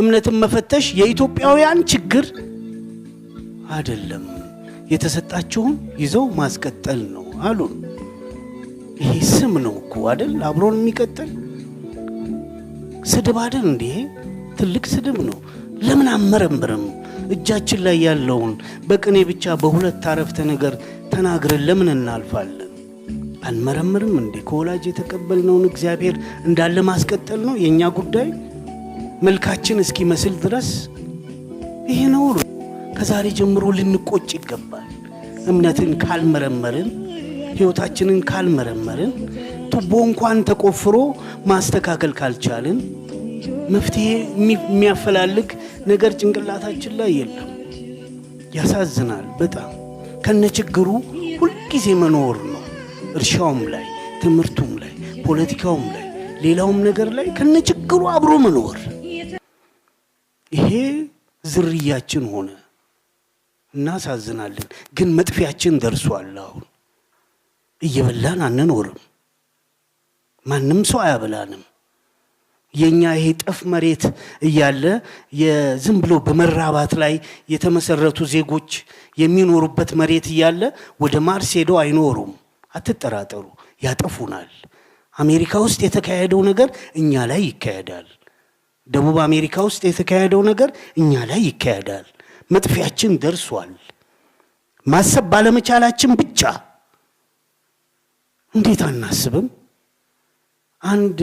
እምነትን መፈተሽ የኢትዮጵያውያን ችግር አይደለም፣ የተሰጣቸውን ይዘው ማስቀጠል ነው አሉን። ይሄ ስም ነው እኮ አደል? አብሮን የሚቀጥል ስድብ አደል? እንዲህ ትልቅ ስድብ ነው። ለምን አመረምርም እጃችን ላይ ያለውን በቅኔ ብቻ በሁለት አረፍተ ነገር ተናግረን ለምን እናልፋለን? አንመረምርም እንዴ? ከወላጅ የተቀበልነውን እግዚአብሔር እንዳለ ማስቀጠል ነው የእኛ ጉዳይ። መልካችን እስኪመስል ድረስ ይሄ ነውር ከዛሬ ጀምሮ ልንቆጭ ይገባል። እምነትን ካልመረመርን፣ ሕይወታችንን ካልመረመርን፣ ቱቦ እንኳን ተቆፍሮ ማስተካከል ካልቻልን መፍትሄ የሚያፈላልግ ነገር ጭንቅላታችን ላይ የለም። ያሳዝናል በጣም ከነችግሩ ሁልጊዜ መኖር ነው። እርሻውም ላይ፣ ትምህርቱም ላይ፣ ፖለቲካውም ላይ፣ ሌላውም ነገር ላይ ከነችግሩ አብሮ መኖር ይሄ ዝርያችን ሆነ። እናሳዝናለን፣ ግን መጥፊያችን ደርሷል። አሁን እየበላን አንኖርም። ማንም ሰው አያበላንም። የኛ ይሄ ጠፍ መሬት እያለ የዝም ብሎ በመራባት ላይ የተመሰረቱ ዜጎች የሚኖሩበት መሬት እያለ ወደ ማርስ ሄደው አይኖሩም። አትጠራጠሩ፣ ያጠፉናል። አሜሪካ ውስጥ የተካሄደው ነገር እኛ ላይ ይካሄዳል። ደቡብ አሜሪካ ውስጥ የተካሄደው ነገር እኛ ላይ ይካሄዳል። መጥፊያችን ደርሷል። ማሰብ ባለመቻላችን ብቻ እንዴት አናስብም? አንድ